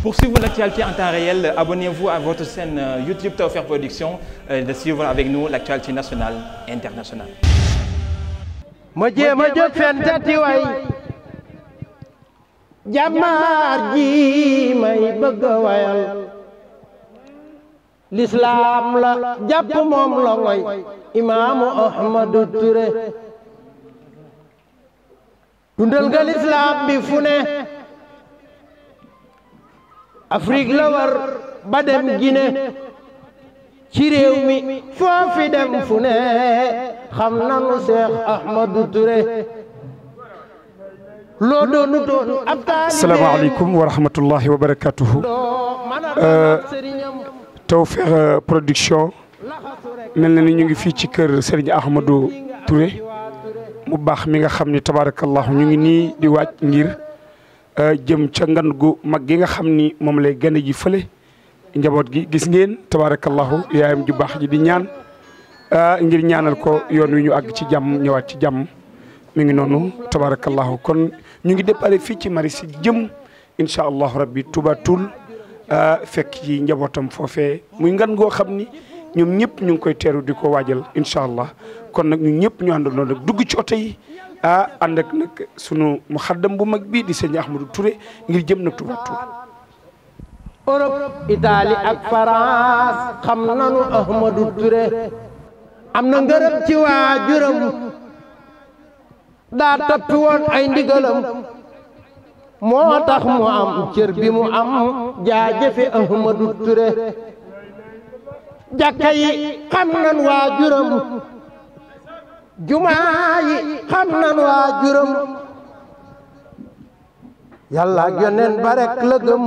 Pour suivre l'actualité en temps réel, abonnez-vous à votre chaîne euh, YouTube Tawfekh Production euh, de suivre avec nous l'actualité nationale internationale. ma jéem a jóg fenn tati ji may bëgg a wayal la jàpp moom la ngoy imaamu Ahmadou Touré dundal nga lislaam bi fu Afrique la war ba dem Guinée ci réew mi foofi dem fu ne xam nanu Cheikh Ahmadou Touré loo doonu doon ab taalibe asalaamaaleykum wa rahmatullahi wa barakaatuhu euh, Tawfekh euh, Production mel na ni ñu ngi fii ci kër Serigne Ahmadou Touré mu baax mi nga xam ni tabaarakallahu ñu ngi nii di waaj ngir Euh, jëm ca ngan gu mag gi nga xam ni moom lay gane ji fële njaboot gi gis ngeen tabarakallahu yaayam ju baax ji di ñaan euh, ngir ñaanal ko yoon wi ñu àgg ci jàmm ñëwaat ci jàmm mu ngi noonu tabarakallahu kon ñu ngi déparé fii ci mari si jëm incha allahu rabbi Touba Toul euh, fekk ci njabootam foofe muy ngan goo xam ni ñoom ñëpp ñu ngi koy teeru di ko waajal incha allah kon nag ñu ñëpp ñu àndandoo nag dugg ci oto yi ah ànd ak nag sunu muxaddam bu mag bii di sëñ Ahmadou Touré ngir jëm nag Touba Tour Europe Italie ak France xam nanu Ahmadou Touré am na ngërëm ci waajuram daa toppi woon ay ndigalam moo tax mu am cër bi mu am jaajëfe Ahmadou Touré jàkka yi xam nan waajuram jumaa yi xam nan waa juróom yàlla ak yoneen ba la gëm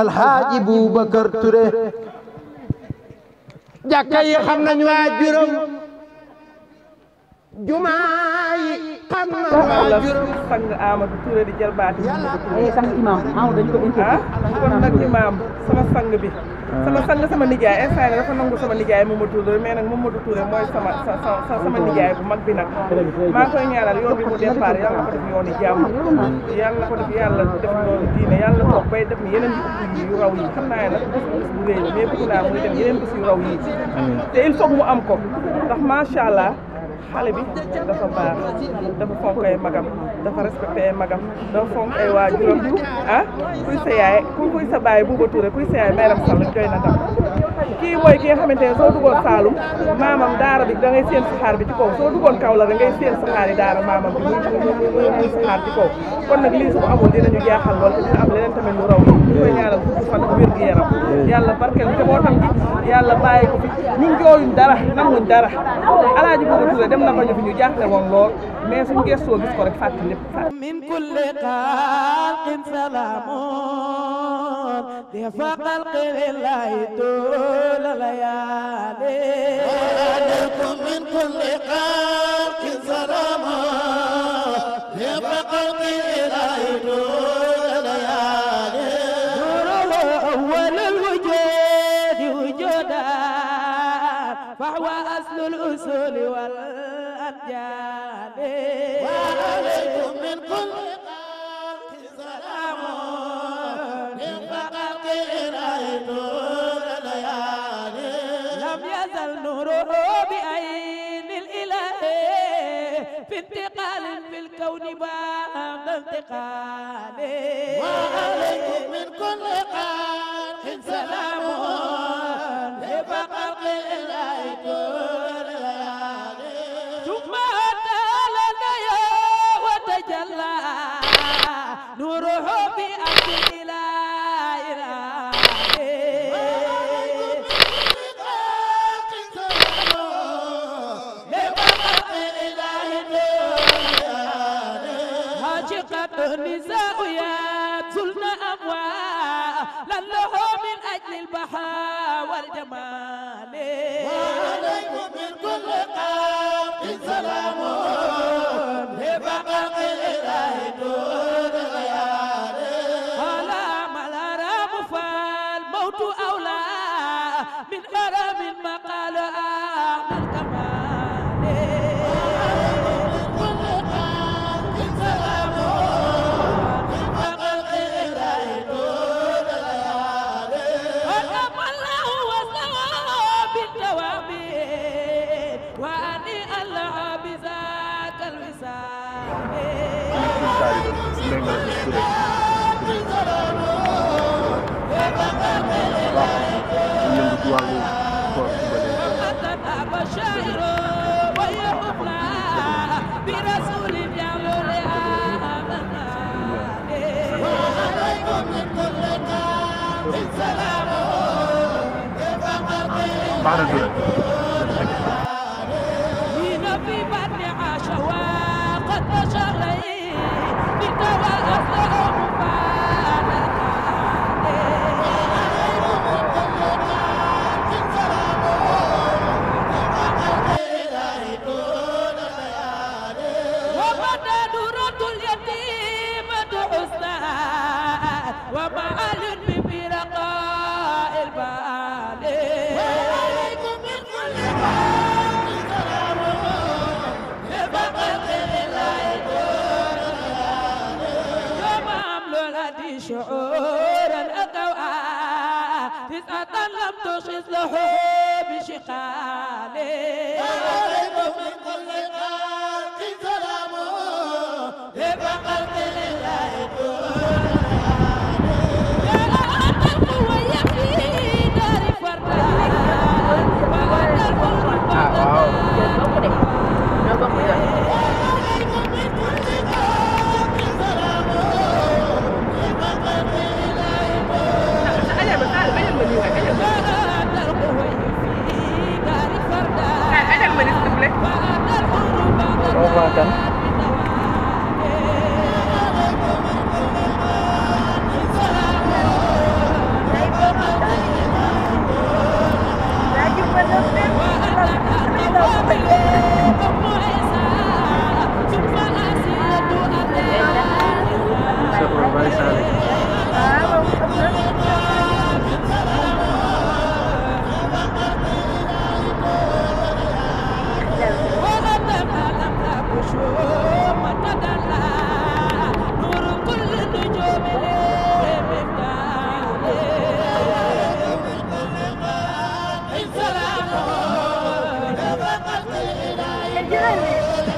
alxaaji Boubacar Touré jàkka yi xam nañ waa juróom jumaa wala sang Amadou Touré di jëlbaati sang imam Amadou dañ ko interview ah, kon nag imam sama sang ah. sama sang sama nijaay instant ne dafa nangu sama nijaay Mamadou Touré mais nag Mamadou Touré mooy sama sama nijaay bu mag bi maa koy ñaanal yoon bi mu départ yàlla na ko def yoon yi jàmm yàlla na ko def yàlla def yoonu diine yàlla na ko bay def ni yeneen yi yu bu réy yu raw yi te il faut mu am ko ndax macha allah xale bi dafa baax dafa fonk ay magam dafa respecté ay magam dafa fonk ay waajuram ah kuy sa yaay ku kuy sa baay Bouba Touré kuy sa yaay Mayram Sall jooy na tam kii mooy ki nga xamante ne soo duggoon Saalum maamam daara bi da ngay saxaar bi ci kaw soo duggoon Kaolack da ngay seen saxaar daara maamam bi muy muy saxaar ci kaw kon nag lii su ko amul dinañu jaaxal lool te dina am leneen tamit lu raw ñu koy ñaanal fukki fan ak wér gu yaram yàlla barkeel njabootam gi yàlla bàyyi ko fi am na bañu fi ñu jaaxle woon lool mais suñ gëstoo gis ko rek fàtte lépp min kulli xalqin salaamun di fa xalqi lillahi toola layaali min kulli xalqin salaamun في انتقال في الكون بعد انتقاله وعليكم من كل قال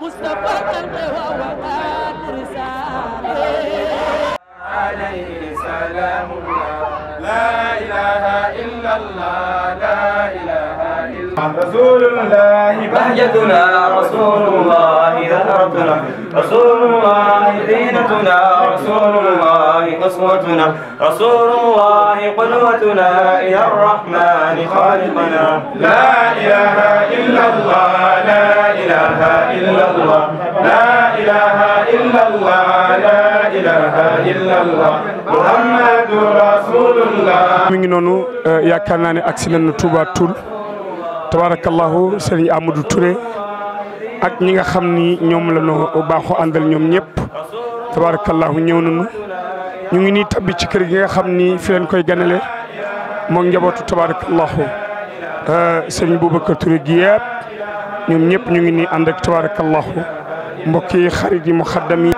مصطفى قلبه ووقاه رسول الله بهجتنا رسول الله ذهبتنا رسول الله زينتنا رسول الله قسوتنا رسول الله قدوتنا إلى الرحمن خالقنا لا إله إلا الله لا إله إلا الله لا إله إلا الله لا إله إلا الله محمد رسول الله mi ngi noonu yaakaar naa ne agsi nañu Touba Toul tabarakallahu sëriñ Amadou ture ak ñi nga xam ni ñoom la noo baaxoo àndal ñoom ñëpp tabarakallahu ñëw nañu ñu ngi nii tabbi ci kër gi nga xam ni fi koy ganale moom njabootu tabarakallahu euh, sëriñ Boubacar Touré gi yëpp ñoom ñëpp ñu ngi nii ànd ak tabarakallahu mbokk yi xarit yi yi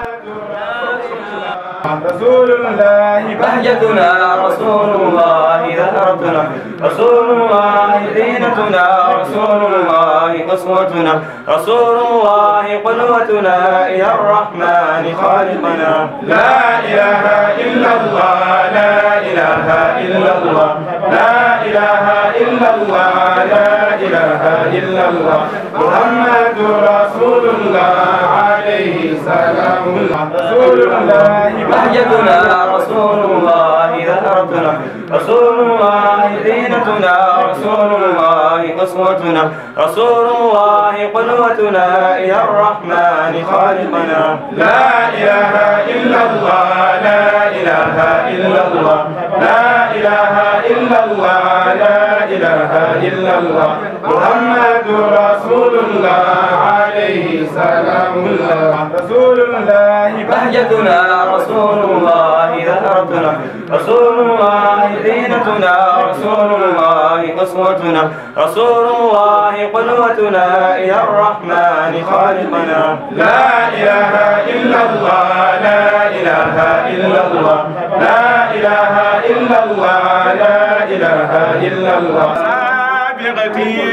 ربنا رسول الله زينتنا رسول الله أسوتنا رسول الله قدوتنا إلى الرحمن خالقنا لا إله إلا الله لا إله إلا الله لا إله إلا الله لا إله إلا الله محمد رسول الله عليه سلام الله رسول الله بهجتنا رسول الله ذهبتنا رسول الله زينتنا رسول الله أسوتنا رسول الله قدوتنا إلى الرحمن خالقنا لا إله إلا الله لا إله إلا الله لا إله إلا الله لا إله إلا الله محمد رسول الله عليه سلام الله رسول الله بهجتنا رسول الله ذهبتنا رسول الله أسوتنا رسول الله أسوتنا رسول الله قدوتنا إلى الرحمن خالقنا لا إله إلا الله لا إله إلا الله لا إله إلا الله لا إله إلا الله سابقتي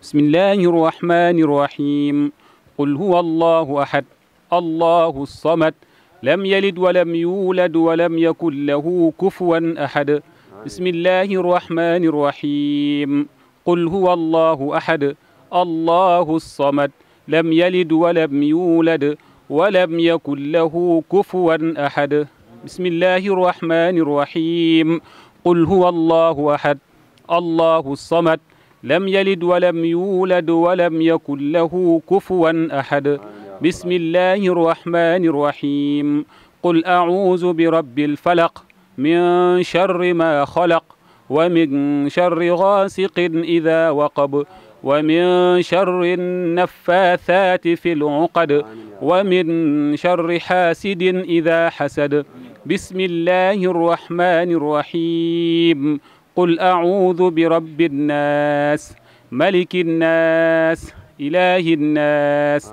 bismillahi irrahmani irrahim qul huwa allahu ahad allahu samad lam yalid walam yuulad walam yakun lahu kufuwan ahad bismillahi irrahmani irrahim qul huwa allahu ahad allahu samad lam yalid walam yuulad walam yakun lahu kufuwan ahad bismillahi irrahmani irrahim qul huwa allahu ahad allahu samad lam yalid walam yuulad walam yakun lahu kufuwan ahad bismillahi rahmani rahim qul auudu bi rabbil falaq min charri ma xalaq wa min charri gaasiqin ida waqab wa min charri naffaasaati fi luqad wa min charri xaasidin ida xasad bismillahi rahmani rahim qul acuudu bi rabbi nnaas maliki nnaas ilaahi nnaas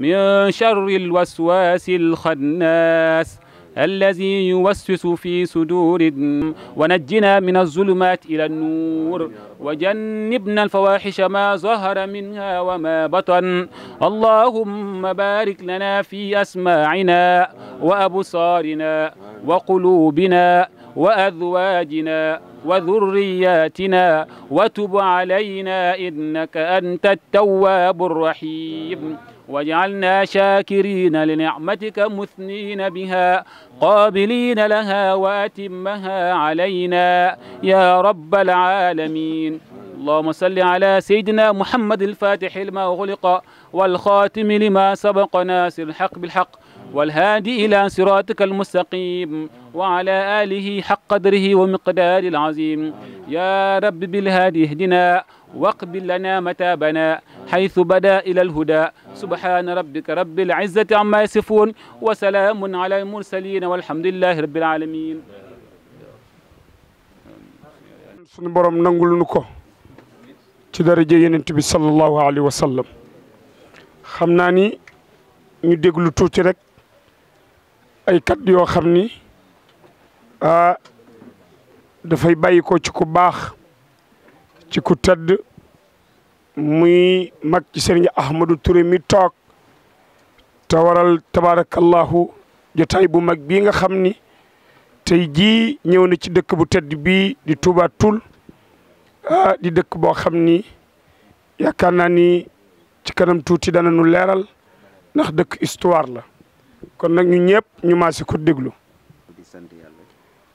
min charri lwaswaasi alxannaas الذي يوسوس في صدور ونجنا من الظلمات إلى النور وجنبنا الفواحش ما ظهر منها وما بطن اللهم بارك لنا في أسماعنا وأبصارنا وقلوبنا وأزواجنا وذرياتنا وتب علينا إنك أنت التواب الرحيم واجعلنا شاكرين لنعمتك مثنين بها قابلين لها وأتمها علينا يا رب العالمين اللهم صل على سيدنا محمد الفاتح لما أغلق والخاتم لما سبق ناصر الحق بالحق والهادي إلى صراطك المستقيم وعلى آله حق قدره ومقدار العظيم يا رب بالهادي اهدنا واقبل لنا متابنا حيث بدا إلى الهدى سبحان ربك رب العزة عما يصفون وسلام على المرسلين والحمد لله رب العالمين suñu borom nangul nu ko ci daraja yonent bi sallallahu alayhi wa sallam xam naa ni ñu déglu tuuti rek ay kat yoo xam ni dafay bàyyi ko ci ku baax ci ku tëdd muy mag ci sëriñ Ahmadou Touré mi toog te waral tabaarakallahu jotaay bu mag bii nga xam ni tey ji ñëw na ci dëkk bu tedd bi di Touba tul di dëkk boo xam ni yaakaar naa ni ci kanam tuuti dana nu leeral ndax dëkk histoire la kon nag ñu ñëpp ñu maase ko déglu.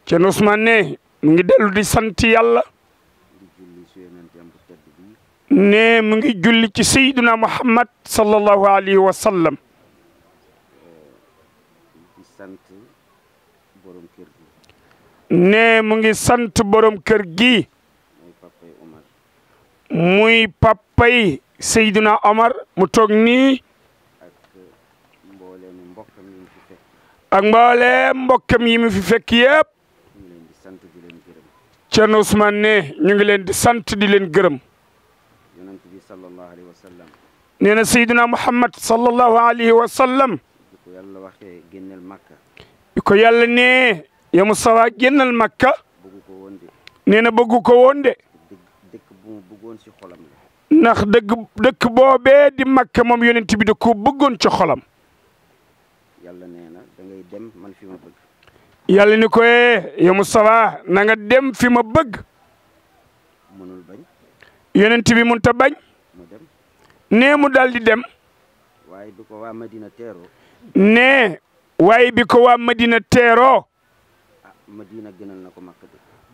Ceerno Ousmane ne mu ngi dellu di sant yàlla ne mu ngi julli ci sayduna Muhammad sallallahu alayhi wa sallam ne mu ngi sant borom kër gi muy papay Seydina Omar mu toog ni ak mbooleem mbokkam yi mu fi fekk yëpp Ceerno Ousmane ne ñu ngi leen di sant di leen gërëm nee na Seydina Muhammad sallallahu alayhi wa sallam bi ko yàlla ne ya Mustafa génnal Makka nee na bëggu ko woon de ndax dëgg dëkk boobee di Makka moom yonent bi da ko bëggoon ci xolam yàlla ni ko yow Moustapha na nga dem fi ma bëgg mënul bañ yonent bi mun a bañ nee mu daldi di dem waaye bi ko waa Madina teeroo nee waaye bi ko waa Madina teeroo ah, Madina gënal na ko Makka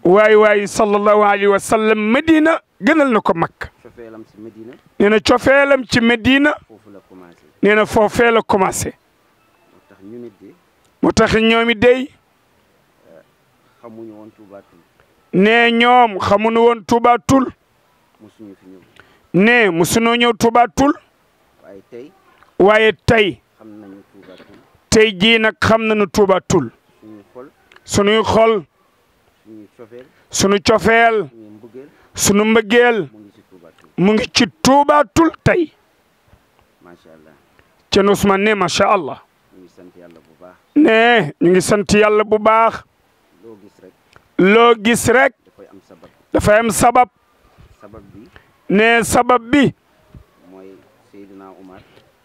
waay waay sallallahu alayhi wa sallam Madina gënal na ko Makka cofeelam ci Madina nee na cofeelam ci Madina foofu la commencé nee foofee commencé moo tax ñoom it dey xamuñu woon Touba Toul. nee ñoom xamuñu woon Touba Toul. musuñu fi ñëw. nee musuñoo ñëw Touba Toul. waaye tey. waaye tey. xam nañu Touba jii nag xam nañu Touba Toul. suñuy xol. suñuy xol. suñuy cofeel. suñu cofeel. suñu mbëggeel. mu ngi ci Touba tey. macha allah. Thierno Ousmane ne macha allah. ñu nee ñu ngi sant yàlla bu baax. loo gis rek dafay am sabab ne sabab bi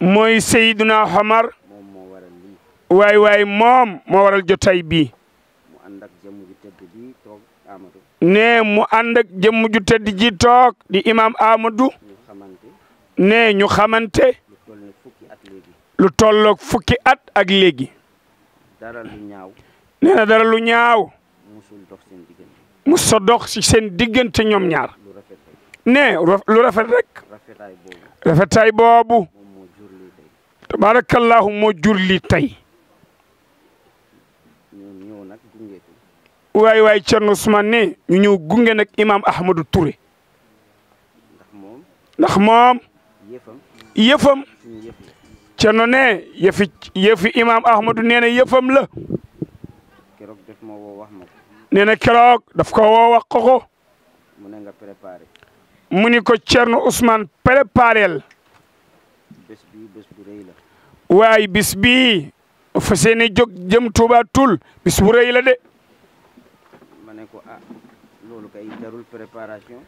mooy Seydina Omar waay waay moom moo waral jotaay bi ne mu ànd ak jëmm ju tedd ji toog di imam Amadou ne ñu xamante lu tolloog fukki at ak léegi nee na dara lu ñaaw mu sa dox si seen diggante ñoom ñaar ne lu rafet rek rafetaay boobu tabaarakallaahu moo jur lii tey waay waay Thierno Ousmane ne ñu ñëw gunge nag imaam Ahmadou Touré ndax moom yëfam Thierno ne yëfi yëfi imaam Ahmadou nee na yëfam la keroog daf wax ma na keroog daf ko woo wax ko ko. mu ne nga préparé. mu ni ko Thierno Ousmane préparel. bés bii bés bu rëy la. waaye bis bii fa seeni jóg jëm Touba tul bis bu rëy la de. ma ne ko ah loolu kay jarul préparation.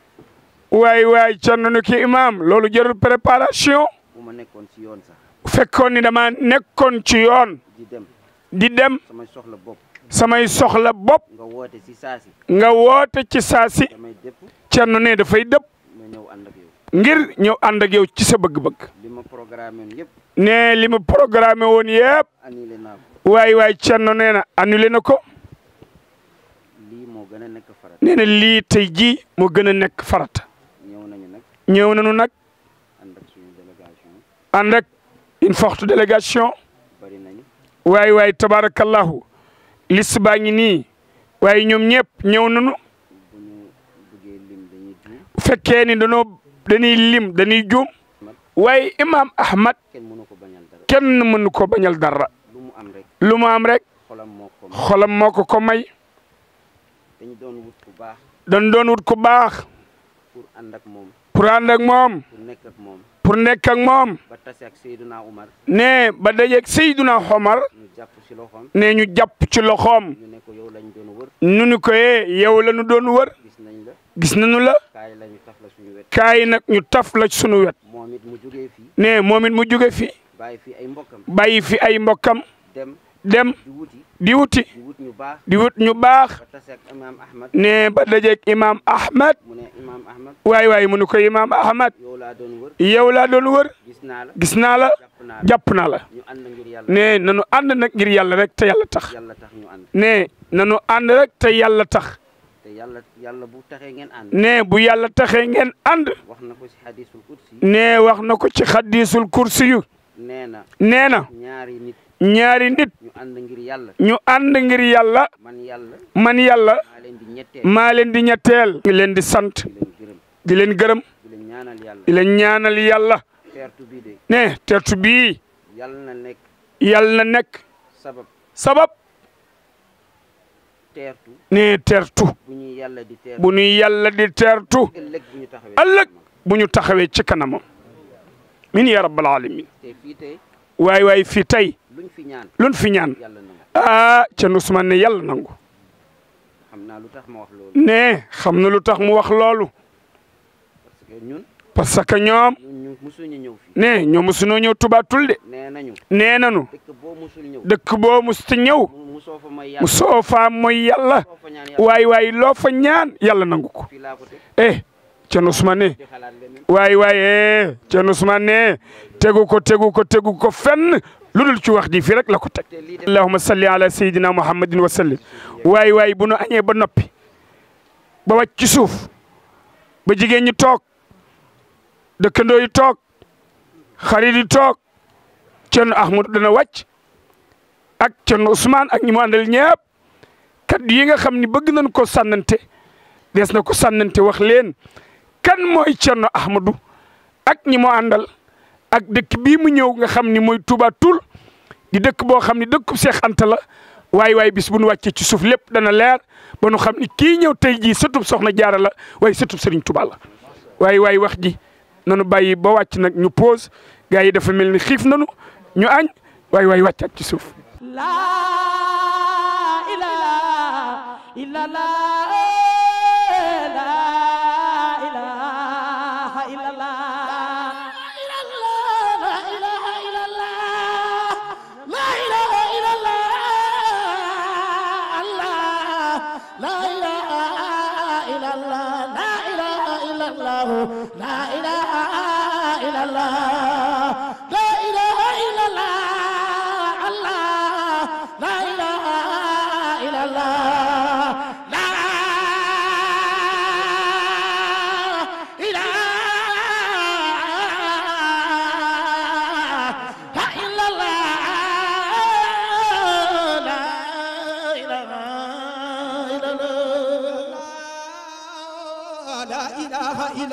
waay waay Thierno nu ki imam loolu jarul préparation. bu ma nekkoon ci yoon sax. dama nekkoon ci yoon. di dem. di dem. sama soxla samay soxla bopp nga woote ci saasi nga woote ci saasi Thierno ne dafay dëpp ngir ñëw ànd ak yow ci sa bëgg-bëgg ne li ma programmé woon yëpp waaye waay Thierno nee na annulé na ko nee na lii tey jii moo gën a nekk farat ñëw nañu nag ànd ak une forte délégation waay waay tabaarakallahu liste baa ngi nii waaye ñoom ñëpp ñëw nañu bu fekkee ni danoo dañuy lim dañuy juum waaye imaam Ahmad kenn mënu ko bañal dara lu mu am rek xolam moo ko ko may dañ doon wut ku baax dañ doon wut ku baax pour ànd ak moom pour ànd ak moom pour moom ba tase ak Seydina Omar nee ba dajeeg Seydina Omar nee ñu jàpp ci loxoom nu ñu ko yee eh, yow la nu doon wër gis nañu la kaay nag ñu taf la ci suñu wet nee moom it mu jóge fi bàyyi fi ay mbokkam dem di wuti di wut ñu baax nee ba dajeeg imaam Ahmad waay waay mu nu ko imaam Ahmad yow laa doon wër gis naa la. jàpp naa la ne nanu ànd nag ngir yàlla rek te yàlla tax nee nanu ànd rek te yàlla tax ne bu yàlla taxee ngeen ànd nee wax na ko ci xadiisul kursi yu nee na ñaari nit ñaari nit ñu ànd ngir yàlla ñu ànd ngir yàlla man yàlla man yàlla maa leen di ñetteel ngi di sant di leen gërëm di ñaanal yàlla tertu bii de. ne tertu bii. yàlla na nekk. yàlla na nekk. sabab sabab. nee teertu. bu ñuy yàlla di teertu bu ñuy yàlla di teertu. ëllëg bu ñu taxawee ci kanamam. min ya rabbal alamin. waay waay fii tey. luñ fi ñaan luñ fi ñaan. ah ca Ousmane ne yàlla nangu. naa lu tax mu nee xam na lu tax mu wax loolu. parce que ñoom ne ñoom mosunoo ñëw Touba Toul de nee nañu dëkk boo mosut ñëw mu soo faa mooy yàlla waay waay loo fa ñaan yàlla nangu ko eh Ceerno Ousmane waay waay eh Ceerno Ousmane tegu ko tegu ko tegu ko fenn lu dul ci wax ji fii rek la ko teg allahumma salli ala sayyidina muhammadin wa sallim waay waay bu nu añee ba noppi ba wàcc suuf ba jigéen ñi dëkkandoo yi toog xarit yi toog Thierno Ahmadou dana wàcc ak Thierno Ousmane ak ñi mu àndal ñëpp kaddu yi nga xam ni bëgg nañ koo sànnante des na ko sànnante wax leen kan mooy Thierno Ahmadou ak ñi mu àndal ak dëkk bii mu ñëw nga xam ni mooy Touba tul di dëkk boo xam ni dëkku Seex Anta la waaye waaye bis bu nu wàccee ci suuf lépp dana leer ba nu xam ni kii ñëw tey jii sëtub soxna jaara la waaye sëtub Serigne Touba la waaye waaye wax ji. nanu bàyyi ba wàcc nag ñu pause gars yi dafa mel ni xiif nanu ñu añ waay waay wàccaat ci suuf. la ilaha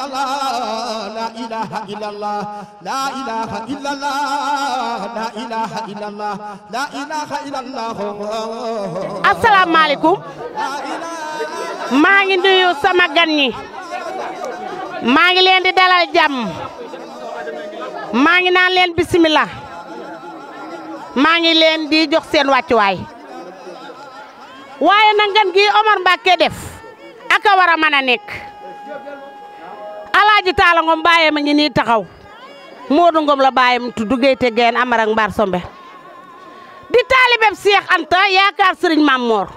illallah la maa ngi nuyu sama gan ñi maa ngi leen di dalal jàmm maa ngi naa leen bismillah maa ngi leen di jox seen wàccuwaay waaye na ngan gi Omar Mbacke def aka war a mën a nekk waa ji taala ngom nii taxaw Modou Ngom la bàyyee mu tudd Géyte Gayen Amar ak Mbar Sombe di taalibeb Anta yaakaar Serigne Mam Moor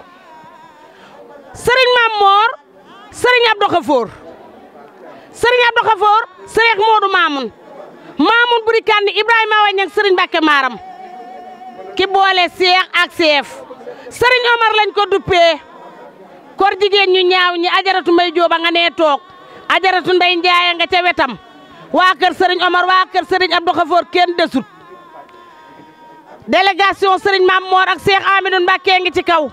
Serigne Mam Moor Serigne Abdou Khafour Serigne Abdou Khafour Serigne Modou Mamoun Mamoun buri kandi Ibrahima wañ ak Serigne Bakke Maram ki boole Seex ak Seef Serigne Omar ko duppee kor ñu ñaaw ñi ajaratu may jooba nga nee ajaratu nday njaaya nga ca wetam waa kër sëriñ Omar waa kër sëriñ Abdou Khafoor kenn desut délégation sëriñ Maam Moor ak Cheikh Amidou Mbacké ngi ci kaw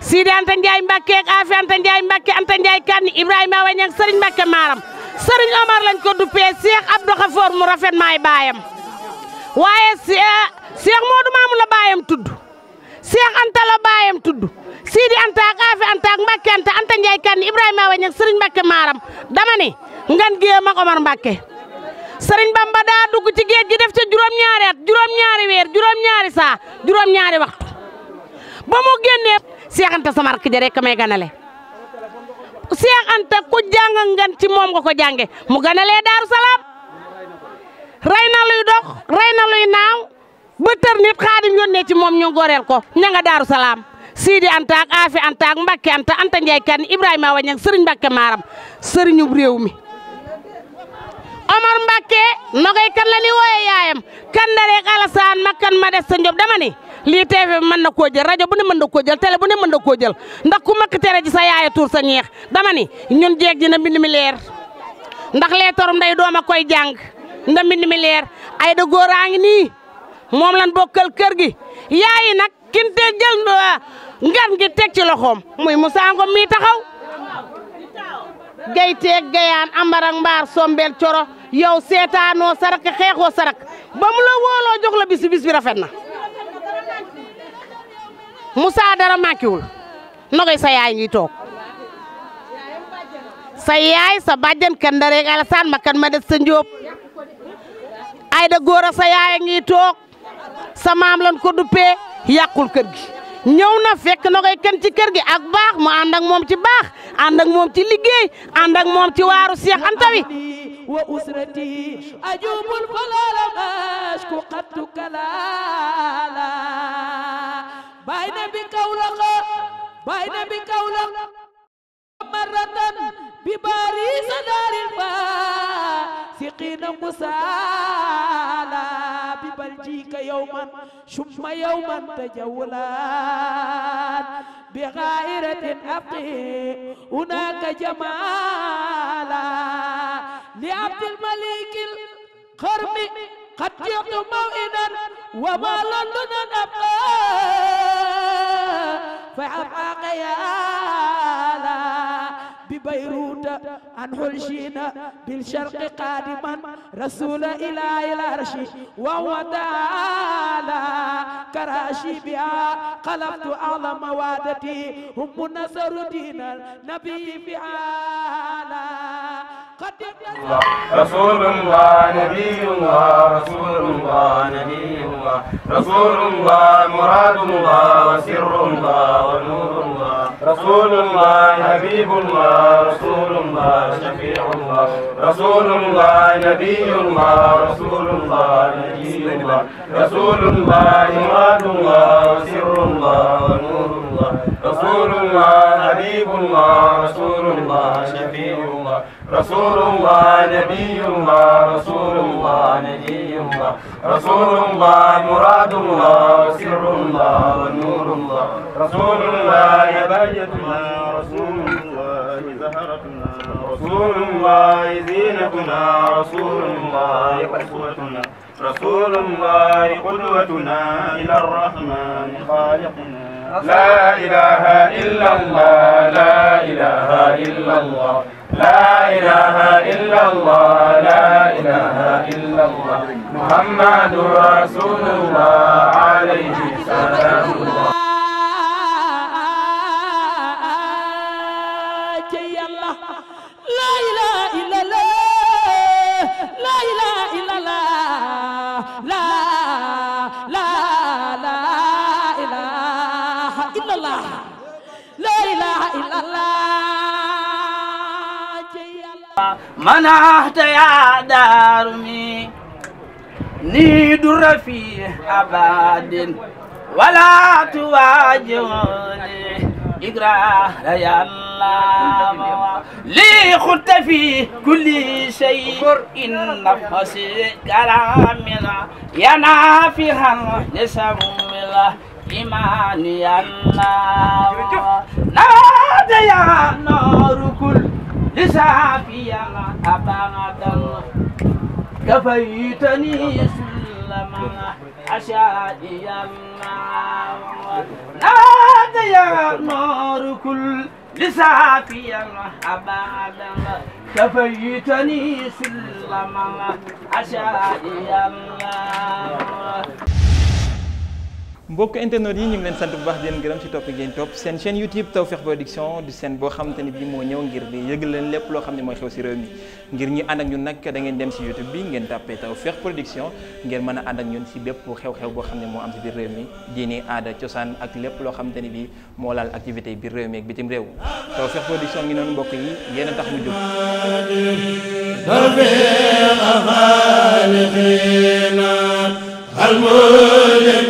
Sidi Anta Ndiaye Mbacké ak Afi Anta Ndiaye Mbacké Anta Ndiaye Kani Ibrahima Wañang sëriñ Mbacké Maram sëriñ Omar lañ ko duppee Cheikh Abdou Khafoor mu rafet maay baayam waaye eh, Cheikh Modou Mamoun la baay Amar Mbàkke sëriñ Bamba daa dugg ci géej gi def ca juróom-ñaari juróom-ñaari weer juróom-ñaari saa juróom-ñaari waxtu ba mu génnee Seex Anta sama rakk ja rek may ganale Seex Anta ku jàng ngan ci moom nga ko jànge mu ganalee Daaru Salaam rey na luy dox rey na luy naaw ba tër nit xaadim yónnee ci moom ñu goreel ko ña nga Daaru Salaam Sidi Anta ak Afi Anta ak Mbàkke Anta Anta Njaay kan Ibrahima Wañang sëriñ Mbàkke Maaram sëriñu réew mi Omar Mbacke nogay kan la ni wooyee yaayam kan la rek ma kan des sa dama ni lii TV mën na koo jël rajo bu ne mën na koo jël télé bu ne mën na koo jël ndax ku makk tere ji sa yaaya tuur sa ñeex dama ni ñun jeeg ji na mbind mi leer ndax leetarum nday doom a koy jàng na mbind mi leer ay da góoraa ngi nii moom lan bokkal kër gi yaayi nag kinte jël ngan gi ci loxoom muy Moussa Ngom mii gayteeg gayaan ambarak mbaar sombel coro yow seetaanoo sarak xeexoo sarak ba mu la wooloo jox la bis bi rafet na Moussa dara màkkiwul nogoy sa yaay ngi toog sa yaay sa bàjjan kan dareeg Alassane ma kan ma des sa njóob sa yaay ngi toog sa maam lan ko duppee yàqul kër gi ñëw na fekk na koy ci kër gi ak baax mu ànd moom ci baax ànd ak moom ci liggéey ànd moom ci waaru Seex Anta wa usrati ajubul falala mashku qattu kalala bay na bi kawlaxa bay na bi kawlaxa maratan bi bari sadarin ba siqina musa يأتيك يوما ثم يوما تجولان بغائرة أبقي هناك جمالا لعبد الملك القرم قد جئت موئدا وما لندن أبقى فعبقى يا بيروت عن حلشين بالشرق قادما رسول إلى العرش وهو تعالى كراشي بها قلبت أعظم وادتي هم نصر دين النبي فعالا رسول الله نبي الله رسول الله نبي الله رسول الله مراد الله وسر الله ونور الله رسول الله حبيب الله رسول الله شفيع الله رسول الله نبي الله رسول الله نجي الله رسول الله مراد الله وسر الله ونور الله رسول الله حبيب الله رسول الله شفيع الله رسول الله نبي الله رسول الله نجي الله رسول الله مراد الله وسر الله ونور الله رسول الله بهجتنا رسول الله زهرتنا رسول الله زينتنا رسول الله أسوتنا رسول الله قدوتنا إلى الرحمن خالقنا لا إله إلا الله لا إله إلا الله لا إله إلا الله لا إله إلا الله محمد رسول الله عليه السلام منحت يا دارمي نيد رفيع أباد ولا تواجهني إقرار يا الله لي خدت في كل شيء إن نفسي كرامنا يا نافها نسم الله إيمان يا الله نادى يا نار كل لسافيا أبدا كفيتني سلما أشائيا نادى يا نور كل لسافيا أبدا كفيتني سلما أشائيا mbokk internet yi ñu ngi leen sant bu baax di leen gërëm ci topp ngeen topp seen chaîne YouTube Tawfekh Production du seen boo xamante ni bii moo ñëw ngir di yëgal leen lépp loo xam ne mooy xew ci réew mi ngir ñu ànd ak ñun nag da ngeen dem si YouTube bi ngeen tàppee Tawfekh Production ngeen mën a ànd ak ñun ci bépp xew-xew boo xam ne moo am ci biir réew mi diini aada cosaan ak lépp loo xamante ne bii moo laal activité biir réew mi ak bitim réew Tawfekh Production ngi noonu mbokk yi a